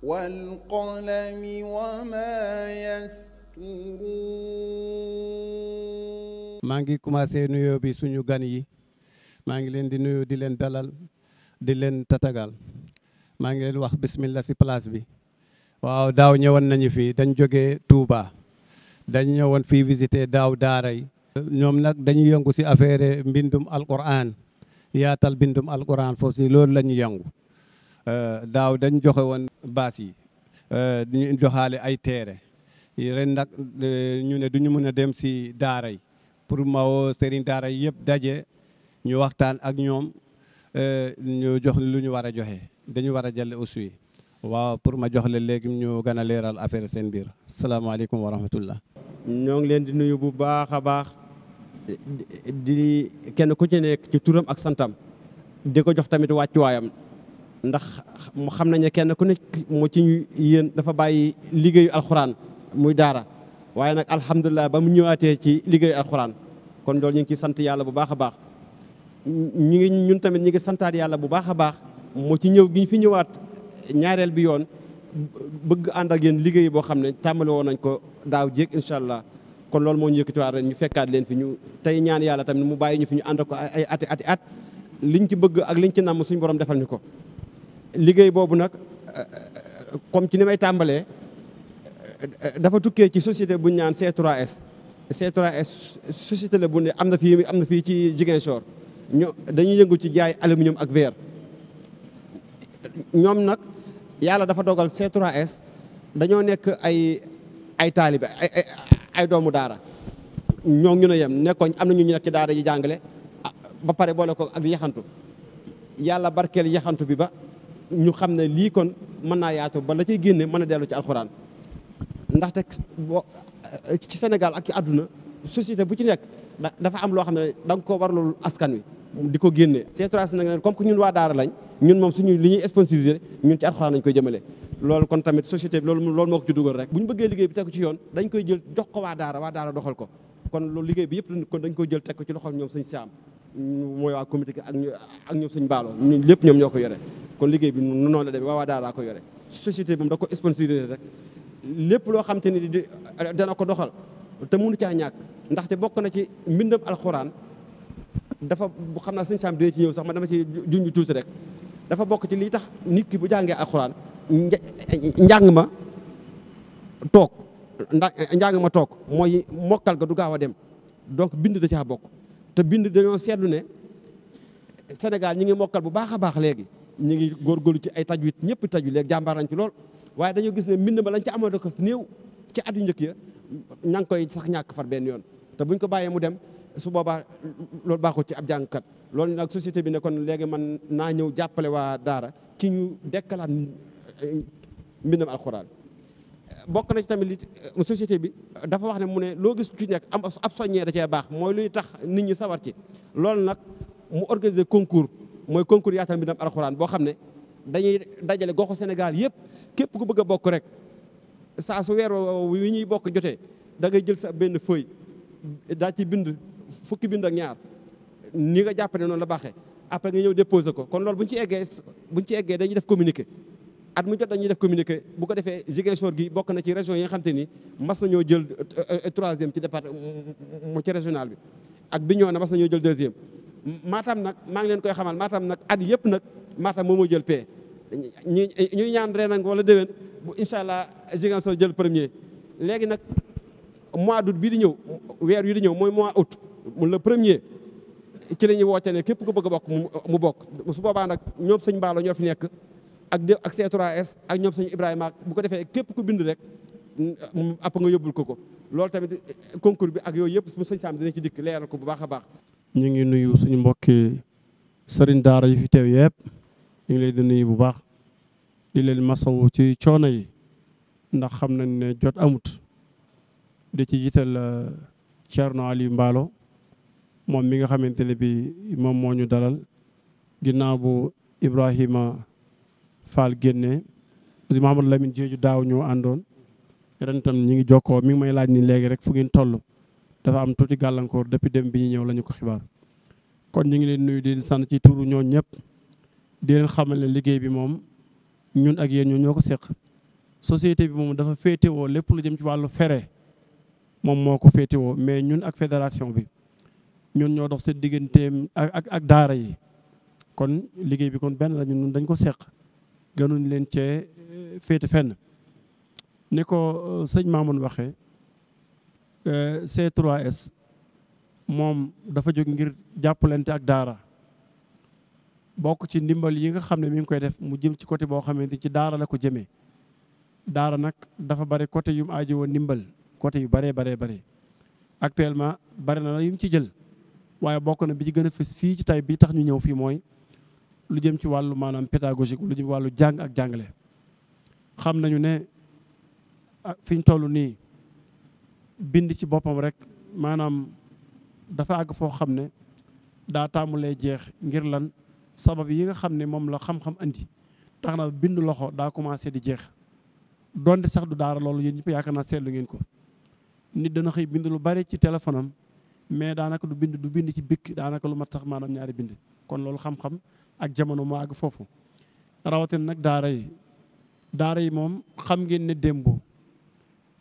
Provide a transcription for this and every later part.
والقلم وما maa ngi commencé nuyoo bi suñu gan yi maa ngi leen di nuyoo di leen dalal di leen tatagal maa ngi leen wax bismillah ci place bi waaw daaw ñëwoon nañu fii dañ jógee Touba dañ ñëwoon fii visiter daaw daara yi ñoom nag dañu yëngu ci affaire mbindum Alquran yaatal bindum alquran foofu si loolu la ñu yëngu euh, daaw dañ joxe woon baas yi euh, ñu joxaale ay teere ren nag euh, ñu ne duñu mën a dem si daara yi pour mao sëriñ daara yi yëpp daje ñu waxtaan ak ñoom ñu jox lu ñu war a joxe dañu war a jàlle aussi waaw pour ma jox leen léegi ñu gën a leeral affaire seen biir salaamaaleykum wa rahmatullah ñoo leen di nuyu bu baax baax di kenn ku ci nekk ci turam ak santam di ko jox tamit wàccuwaayam ndax mu xam nañ kenn ku nekk mu ci yéen dafa bàyyi liggéey alxuraan muy daara waaye nag alhamdulilah ba mu ñëwaatee ci liggéey alxuraan kon loolu ñu ngi ciy sant yàlla bu baax a baax. ñu ngi ñun tamit ñu ngi santaat yàlla bu baax a baax mu ci ñëw gi fi ñëwaat ñaareel bi yoon bëgg ànd ak yéen liggéey boo xam ne tàmbali nañ ko daaw jéeg incha allah. kon loolu moo ñu yëkkatiwaat ren ñu fekkaat leen fi ñu tey ñaan yàlla tamit mu bàyyi ñu fi ñu ànd ko ay ati ati at liñ ci bëgg ak liñ ci namm suñ borom defal ñu ko liggéey boobu nag comme ci ni may tàmbalee dafa tukkee ci société bu ñaan naan C3S c bu ne am na fii am na fii ci Ziguinchor ñoo dañuy yëngu ci jaay aluminium ak verre ñoom nag yàlla dafa dogal C3S dañoo nekk ay ay taalibe ay doomu daara ñoo ñu ne yem nekkoon am na ñu nekk ci daara yi jàngale ah, ba pare boole ko ak yaxantu yàlla barkeel yaxantu bi ba ñu xam ne lii kon mën naa yaatu ba la cay génne mën a dellu ci alxuraan ndaxte eh, ci Sénégal ak ci àdduna société bu ci nekk dafa am loo xam ne da nga koo warlul askan wi di ko génne. C3S nag comme que ñun waa daara lañ ñun moom su ñu li ñuy sponsorisé ñun ci alxuraan lañ koy jëmale loolu kon tamit société bi loolu loolu moo ko ci dugal rek bu ñu bëggee liggéey bi teg ci yoon dañ koy jël jox ko waa daara waa daara doxal ko kon loolu liggéey bi yëpp kon dañ koy jël teg ko ci loxol ñoom sëñ Saam mooy waa comité ak ak ñoom sëñ Baaloo ñun lépp ñoom ñoo ko yore kon liggéey bi noonu la demee waa waa daara yore société bi da ko sponsorisé rek lépp loo xam te ni dana ko doxal te mënu caa ñàkk ndaxte bokk na ci mbindam alxuraan dafa bu xam naa sëñ Saam dina ci ñëw sax ma dama ci junj tuuti rek dafa bokk ci lii tax nit ki bu jàngee alxuraan njàng ma toog njàng ma toog mooy mokkal ga du gaaw dem donc bind da caa bokk te bind dañoo seetlu ne Sénégal ñi ngi mokkal bu baax a baax léegi ñi ngi góorgóorlu ci ay tajwid ñëpp tajwid léegi jàmbaar nañ ci lool waaye dañoo gis ne mbind ma lañ ci amoon da ko néew ci at yu njëkk ya ña ngi koy sax ñàkk far benn yoon te buñ ko bàyyee mu dem su boobaa loolu baaxul ci ab jàngkat loolu nag société bi ne kon léegi man naa ñëw jàppale waa daara ci ñu dekkalaat mbindam alxuraan bokk na ci tamit li euh, société bi euh, dafa wax ne mu ne loo gis ci nekk am ab soññee da cee baax mooy luy tax nit ñi sawar ci loolu nag mu organiser concours mooy concours yaatal mbindam alxuraan boo xam ne dañuy dajale goxu Sénégal yëpp képp ku bëgg a bokk rek saa su weer wi ñuy bokk jotee da ngay jël sa benn feuille daa ci bind fukki bind ak ñaar nii nga jàpp ne noonu la baaxee après nga ñëw déposer ko kon loolu bu ci eggee bu ñu ci eggee dañuy def communiqué at mu jot dañuy def communiqué bu ko defee Ziguinchor gi bokk na ci région yi nga xam te ni mas nañoo jël euh, euh, troisième ci département euh, ci régional bi ak bi Bignona mas nañoo jël deuxième Matam nag maa ngi leen koy xamal Matam nag at yëpp nag Matam moo jël paie ñi ñuy ñaan ren nag wala déwén bu incha allah Ziguinchor jël premier léegi nag mois d'août bi di ñëw weer yu di ñëw mooy mois août mu la premier ci la ñuy woote ne képp ku bëgg a bokk mu bokk su boobaa nag ñoom sëñ Mballo ñoo fi nekk ak ak c ak ñoom sëñ Ibrahima bu ko defee képp ku bind rek app nga yóbbul ko ko loolu tamit concours bi ak yooyu yëpp mu sëñ Sam dina ci dikk leeral ko bu baax a baax. ñu ngi nuyu suñu mbokki sëriñ daara yi fi teew yëpp ñu ngi leen di nuyu bu baax di leen masawu ci coono yi ndax xam nañ ne jot amut di ci jiital euh, Thierno Aliou Mballo moom mi nga xamante ne bi moom moo ñu dalal ginnaaw bu Ibrahima. Fall génne aussi Mouhamadou Lamine Diédiou daaw ñoo àndoon ren tam ngi jokkoo mi ngi may laaj ni léegi rek fu ngeen toll dafa am tuuti gàllankoor depuis dem bi ñu ñëw la ko xibaar kon ñu ngi leen nuyu di leen ci turu ñoo ñëpp di leen ne liggéey bi moom ñun ak yéen ñoo ko seq société bi moom dafa féetewoo lépp lu jëm ci wàllu fere moom moo ko féetewoo mais ñun ak fédération bi ñun ñoo dox seen digganteem ak ak ak daara yi kon liggéey bi kon benn la ñun dañ ko seq gënuñ leen cee euh, féete fenn ni ko euh, sëñ Mamoun waxe euh, C3S moom dafa jóg ngir jàppalante ak daara bokk ci ndimbal yi nga xam ne mi ngi koy def mu jëm ci côté boo xamee xamante ci daara la ko jëmee daara nag dafa bari côté yu mu aajo woon ndimbal côté yu baree baree bari actuellement bari na la yu mu ci jël waaye bokk na bi ci gën a fës fii ci tay bi tax ñu ñëw fii mooy lu jëm ci wàllu maanaam pédagogique lu jëm ci wàllu jàng ak jàngale xam nañu ne ah, fi ñu toll nii bind ci boppam rek maanaam dafa àgg foo xam ne daa taamulee jeex ngir lan sabab yi nga xam ne moom la xam-xam andi tax na bind loxo daa commencé di jeex donte sax du daara loolu yéen ñëpp yaakaar naa seetlu ngeen ko nit dana xëy bind lu bari ci téléphone mais daanaka du bind du bind ci bikk daanaka lu mat sax maanaam ñaari bind kon loolu xam-xam ak jamono moo àgg foofu rawatina nag daara yi daara yi moom xam ngeen ne démb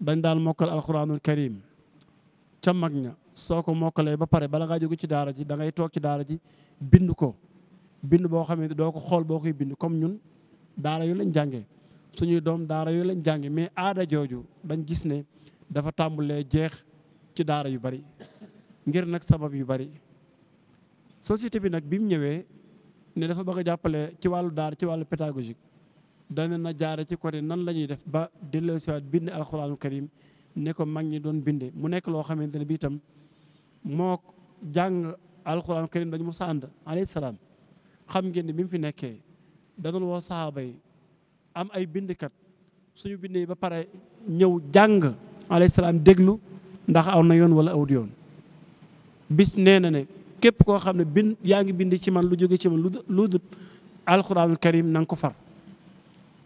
dañ daal mokkal alxuraanul karim ca mag ña soo ko mokkalee ba pare bala ngaa jóge ci daara ji da ngay toog ci daara ji bind ko bind boo xam doo ko xool boo koy bind comme ñun daara yu lañ jàngee suñuy doom daara yu lañ jànge mais aada jooju dañ gis ne dafa tàmbulee jeex ci daara yu bari ngir nag sabab yu bari société bi nag bi mu ñëwee ne dafa bëgg a jàppale ci wàllu daar ci wàllu pédagogique dana na jaare ci côté nan lañuy def ba delloosiwaat bind alxuraanu karim ne ko mag ñi doon bindee mu nekk loo xamante ne bi itam mook jàng alxuraanu karim dañu mos a ànd alayhi salaam xam ngeen ne bi mu fi nekkee da doon woo saxaaba yi am ay bindkat suñu bindee ba pare ñëw jàng alayhi salaam déglu ndax aw na yoon wala awdi yoon bis nee na ne képp koo xam ne bind yaa ngi bind ci man lu jóge ci man lu dut alxuraanul karim na nga ko far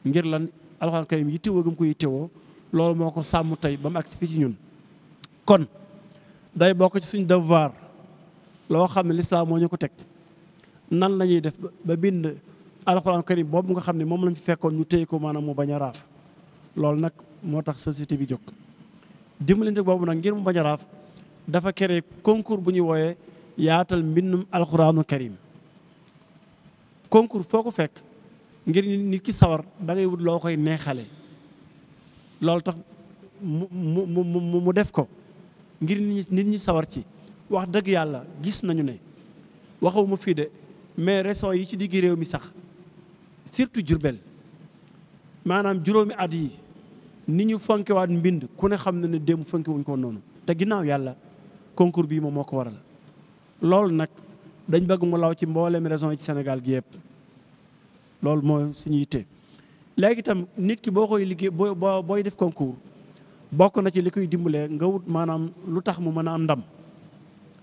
ngir lan alxuraanul karim yittewoo gëm ko yittewoo loolu moo ko sàmm tey ba mu agsi fii ci ñun kon day bokk ci suñu devoir loo xam ne lislaam moo ñu ko teg nan lañuy ñuy def ba bind alxuraanul karim boobu nga xam ne moom lañ fi fekkoon ñu téye ko maanaam mu bañ raaf loolu nag moo tax société bi jog dimbalante boobu nag ngir mu bañ a dafa créé concours bu ñuy wooyee yaatal mbindum alxuraanu karim concours foo ko fekk ngir nit ki sawar da wut loo koy neexale loolu tax mu mu mu mu def ko ngir nit ñi sawar ci wax dëgg yàlla gis nañu ne waxawuma fii de mais régions yi ci digg réew mi sax surtout Jurbel maanaam juróomi at yi ni ñu fonkewaat mbind ku ne xam na ne démb fonke ko noonu te ginnaaw yàlla concours bii moom moo ko waral loolu nag dañ bëgg mu law ci mbooleem région yi ci senegal gi yëpp loolu mooy suñu yitte léegi itam nit ki boo koy liggéey boo booy def concours bokk na ci li koy dimbalee nga wut maanaam lu tax mu mën a am ndam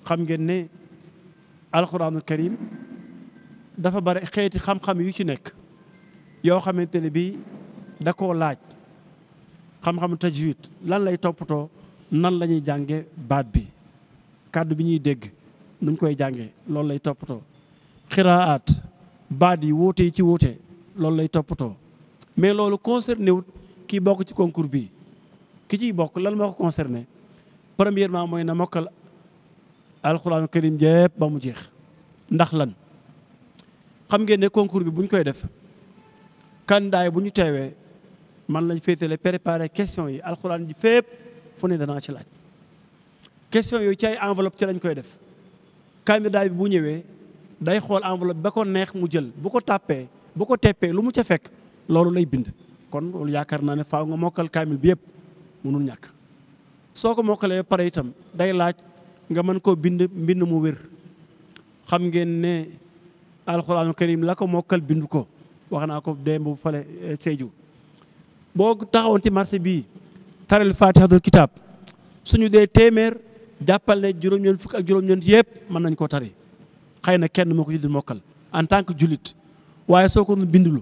xam ngeen ne alxuraanul karim dafa bari xeeti xam-xam yu ci nekk yoo xamante ne bi da koo laaj xam-xam tajwid lan lay toppatoo nan la ñuy jànge baat bi kàddu bi ñuy dégg nuñ koy jàngee loolu lay toppatoo xiraat baat yi wuute yi ci wuute loolu lay toppatoo mais loolu concerné wut kii bokk ci concours bi ki ciy bokk lan moo ko concerné premièrement mooy na mokkal alxuraanu karim jépp ba mu jeex ndax lan xam ngeen ne concours bi bu koy def kandaay bu ñu teewee man lañ féetale préparer question yi alxuraan ji fépp fu ne danaa ci laaj question yooyu ci ay enveloppe ci lañ koy def candidat bi bu ñëwee day xool enveloppe ba ko neex mu jël bu ko tàppee bu ko teppee lu mu ca fekk loolu lay bind kon loolu yaakaar naa ne faaw nga mokkal kaamil bi yëpp mënul ñàkk soo ko mokkalee pare itam day laaj nga mën koo bind mbind mu wér xam ngeen ne alxuraanu karim la ko mokkal bind ko wax naa ko démb bu fale eh, Sédhiou boo taxawoon ci marché bii taral faatihatul kitaab suñu dee téeméer jàppal ne juróom-ñeent fukk ak juróom yëpp mën nañ koo tari xëy na kenn moo ko juddu mokkal en tant que jullit waaye soo ko bindulu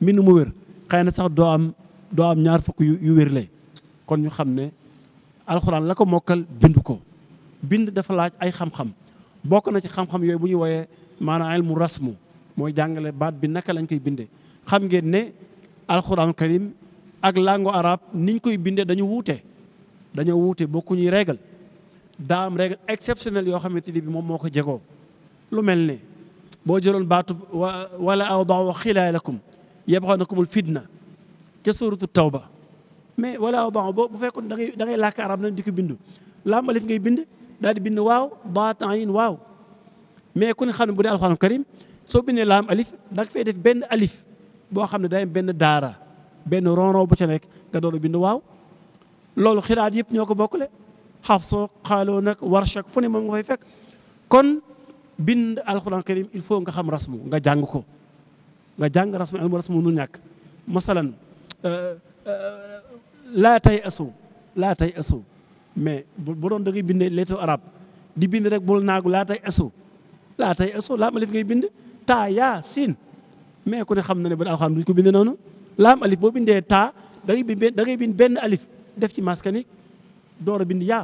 mbind mu wér xëy na sax doo am ñaar fukk yu wér lay kon ñu xam ne alxuraan la ko mokkal bindu ko bind dafa laaj ay xam-xam bokk na ci xam-xam yooyu bu ñu woyee mu ras mu mooy jàngale baat bi naka lañ koy bindee xam ngeen ne alxuraan karim ak langue arabe niñ koy bindee dañu wuute dañoo wuute ñuy régal daam rek règle yoo xamante ni bi moom moo ko jegoo lu mel ne boo jëloon baatu wala awdau xilaalakum yabxanakumul fitna ca suuratu tawba mais wala awdau boo bu fekkoon da ngay da ngay làkk arab nañ di ko bindu laam alif ngay bind daal di bind waaw baat ayin waaw mais ku ne xam ne bu dee alxuraan karim soo bindee laam alif da nga fay def benn alif boo xam ne day benn daara benn ronron bu ca nekk nga doon bind waaw loolu xiraat yëpp ñoo ko bokkale xafso xaaloo nag warshak fu ne moom nga fay kon bind alxuraan il faut nga xam rasmu nga jàng ko nga jàng rasmu ilmu rasmu nu ñàkk masalan euh, euh, laa tay asu laa tay asu mais bu doon da ngay binde lettre di bind rek bul naagu laa tay asu laa tay asu laam alif ngay bind taa yaa siin mais ku ne xam na ne ban alxuraan duñ ko bind noonu laam alif boo bindee taa da ngay bind bind benn alif def ci maskanique door a bind yaa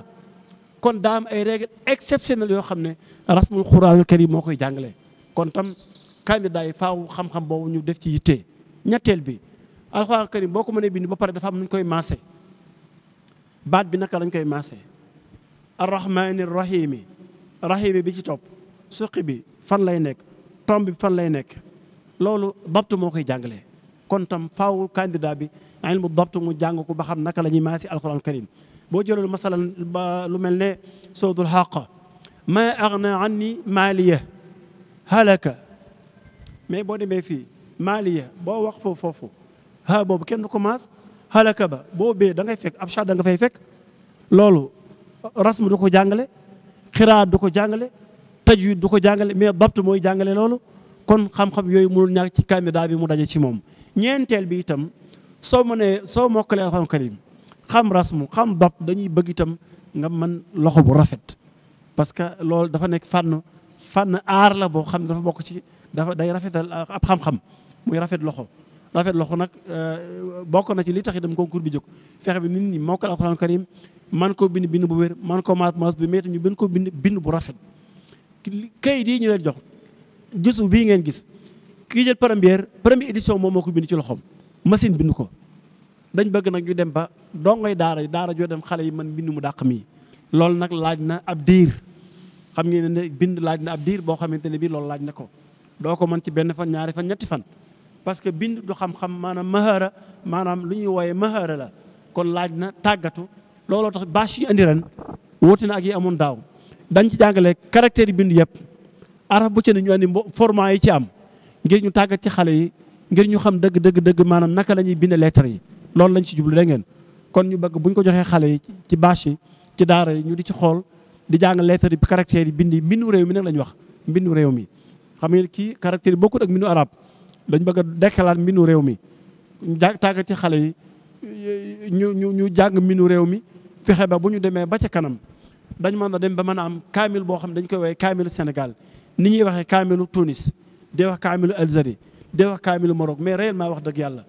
kon daa am ay règle exceptionnelle yoo xam ne rasmul xuraanul karim moo koy jàngale kon tam candidat yi faaw xam-xam boobu ñu def ci yitte ñetteel bi alxuraanul karim boo ko mënee bind ba pare dafa am nu koy maase baat bi naka lañ koy maase arrahmaani rahimi rahimi bi ci topp suqi bi fan lay nekk tomb bi fan lay nekk loolu dabt moo koy jàngale kon tam faaw candidat bi ilmu dabt mu jàng ko ba xam naka la ñuy maase alxuraanul karim boo jëlul masalan ba lu mel ne sawdul xaq ma agna anni maaliya halaka mais boo demee fii maaliya boo wax foo foofu ha boobu kenn du ko maas halaka ba boo bee da ngay fekk ab chat da nga fay fekk loolu rasm du ko jàngale xiraat du ko jàngale tajwid du ko jàngale mais dabt mooy jàngale loolu kon xam-xam yooyu mënul ñàkk ci candidat bi mu daje ci moom ñeenteel bi itam soo mënee soo mokkalee alxuraan karim xam mu xam dab dañuy bëgg itam nga man loxo bu rafet parce que loolu dafa nekk fànn fànn aar la boo xam ne dafa bokk ci dafa day rafetal ab xam-xam muy rafet loxo rafet loxo nag euh, bokk na ci li tax itam concours bi jóg fexe bi nit ñi mokkal alxuraan karim man ko bind bind bu wér man koo maas maas bi metti ñu gën koo bind bind bu rafet kayit yi ñu leen jox gisu bii ngeen gis kii jël première première édition moom moo bind ci loxoom machine bind ko dañ bëgg nag ñu dem ba dongoy daara daara joo dem xale yi man mbind mu dàq mi loolu nag laaj na ab diir xam ngeen ne bind laaj na ab boo xamante ne bii loolu laaj na ko doo ko mën ci benn fan ñaari fan ñetti fan parce que bind du xam-xam maanaam mahara maanaam lu ñuy wooyee mahara la kon laaj na tàggatu looloo tax bâche yi andi ren woote na ak yi amoon daaw dañ ci jàngale caractère yi bind yëpp araf bu ci ne ñu andi format yi ci am ngir ñu tàggat ci xale yi ngir ñu xam dëgg dëgg dëgg maanaam naka la ñuy bind lettre yi loolu lañ ci jublu da ngeen kon ñu bëgg buñ ko joxee xale yi ci bâche yi ci daara yi ñu di ci xool di jàng lettre yi caractère yi bindi mbindu réew mi nag lañ wax mbindu réew mi xam ngeen kii caractère yi bokkul ak mbindu arab dañ bëgg a dekkalaat mbindu réew mi jàng tàggat ci xale yi ñu ñu ñu jàng mbindu réew mi fexe ba bu ñu demee ba ca kanam dañ mën a dem ba mën a am kaamil boo xam dañ koy woowee kaamilu Sénégal ni ñuy waxee kaamilu Tunis day wax kaamilu Algérie day wax kaamilu Maroc mais réellement wax dëgg yàlla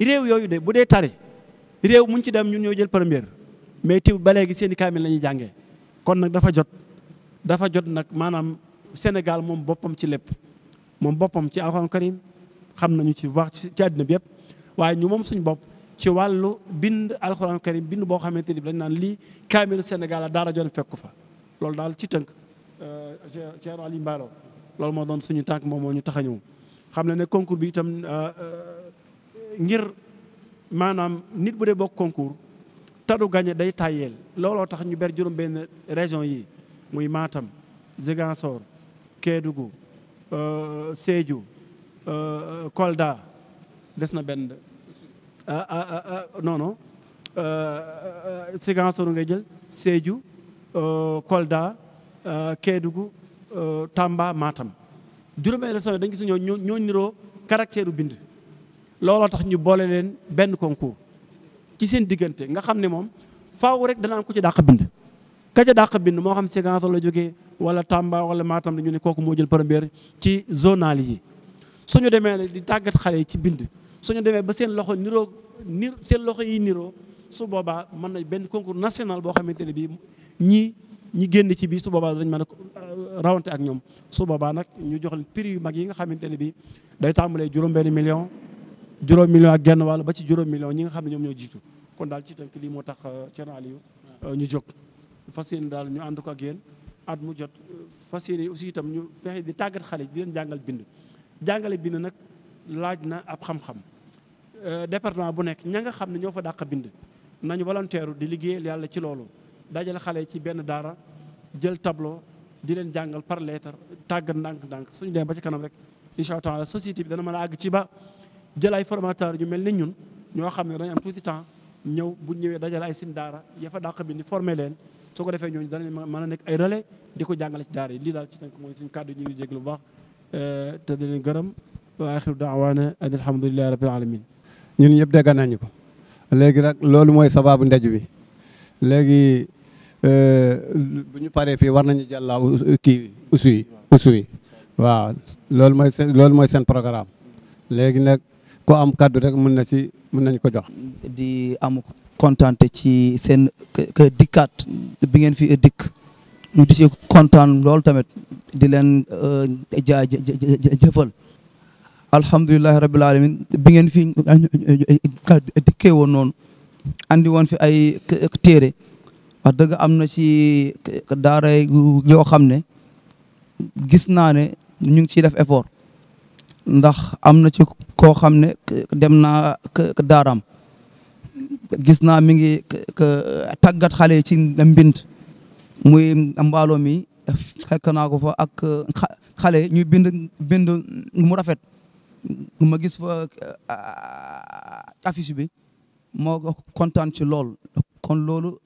réew yooyu de bu dee tari réew muñ ci dem ñun ñoo jël première mais tiw ba léegi seen i kaamil la ñuy jàngee kon nag dafa jot dafa jot nag maanaam Sénégal moom boppam ci lépp moom boppam ci alxuraan karim xam nañu ci wax ci àddina bi yëpp waaye ñu moom suñu bopp ci wàllu bind alxuraan karim bind boo xamante ni dañ naan lii kaamilu Sénégal la daara joon fekk fa loolu daal ci tënk Cheikh Ali Mballo loolu moo doon suñu tànk moom moo ñu tax a ñëw xam na ne concours bi itam euh, euh, ngir maanaam nit bu dee bokk concours tadu gañe day tàyyeel looloo tax ñu ber juróom benn région yi muy Matam Ziguinchor Kédougou euh, Sédhiou euh, Kolda des na benn euh, non non Ziguinchor ngay jël Sédhiou Kolda Kédougou Tamba Matam juróom benn région yi dañ gis ñoo ñoo niroo caractère bind looloo tax ñu boole leen benn concours ci seen diggante nga xam ne moom faaw rek dana am ku ci dàq bind ka ca dàq bind moo xam Ségansol la jóge wala Tamba wala Matam la ñu ne kooku moo jël première ci zonal yi suñu demee ne di tàggat xale yi ci bind suñu demee ba seen loxo niroo ni seen loxo yi niroo su boobaa mën na benn concours national boo xamante ne bii ñii ñi génn ci bii su boobaa dañ mën a euh, rawante ak ñoom su boobaa nag ñu jox leen prix yu mag yi nga xamante ne bii day tàmbalee juróom benn juróom million ak genn wàll ba ci juróom million ñi nga xam ne ñoom ñoo jiitu kon daal ci tënk lii moo tax euh, Thierno Aliou euh, ñu jóg fas yéene daal ñu ànd ko ak yéen at mu jot fas yéene aussi itam ñu fexe di tàggat xale di leen jàngal bind jàngale bind nag laaj na ab xam-xam euh, département bu nekk ña nga xam ne ñoo fa dàq bind nañu volontaire di liggéeyal yàlla ci loolu dajal xale ci benn daara jël tablo di leen jàngal par lettre tàggat ndànk-ndànk suñu dem ba ci kanam rek incha allah société dana mën a àgg ci ba jël ay formateur ñu mel ni ñun ñoo xam ne dañu am tuuti temps ñëw bu ñëwee dajale ay sin daara yafa fa dàq bi ni formé leen su ko defee ñooñu danañ mën a nekk ay relais di ko jàngale ci daara yi lii daal ci tënk mooy suñu kàddu ñu ngi jéglu bu baax eh, te di leen gërëm wa axiru daawaana an alhamdulilahi rabbil alamin ñun ñëpp dégg nañu ko léegi nag loolu mooy sababu ndaj wi léegi eh, bu ñu paree fii war nañu jàllaa kii usu yi usu yi waaw loolu mooy seen loolu mooy seen programme léegi nag ko am kàddu rek mën na ci mën nañ ko jox. di am kontaan ci seen dikkaat bi ngeen fi dikk ñu di si kontaan lool tamit di leen euh, jaa jëfal alhamdulilah rabil alamin bi ngeen fi dikkee woon noonu andi woon fi ay téere wax dëgg am na ci daara yoo xam ne gis naa ne ñu ngi ciy def effort. ndax am na ci koo xam ne dem naa daaram gis naa mi ngi tàggat xale ci mbind muy mbaalo mi fekk naa ko fa ak xale ñu bind mu rafet ma gis fa affiche bi moo kontaan ci lool kon loolu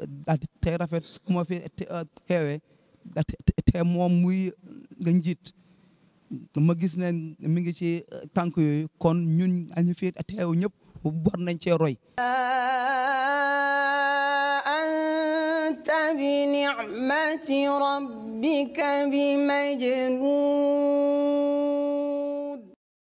tey rafet su ma te moom muy ga njiit ma gis ne mi ngi ci euh, tànk yooyu kon ñun añu fi teew ñëpp war nañ cee roy anta bi ni'mati rabbika bi majnun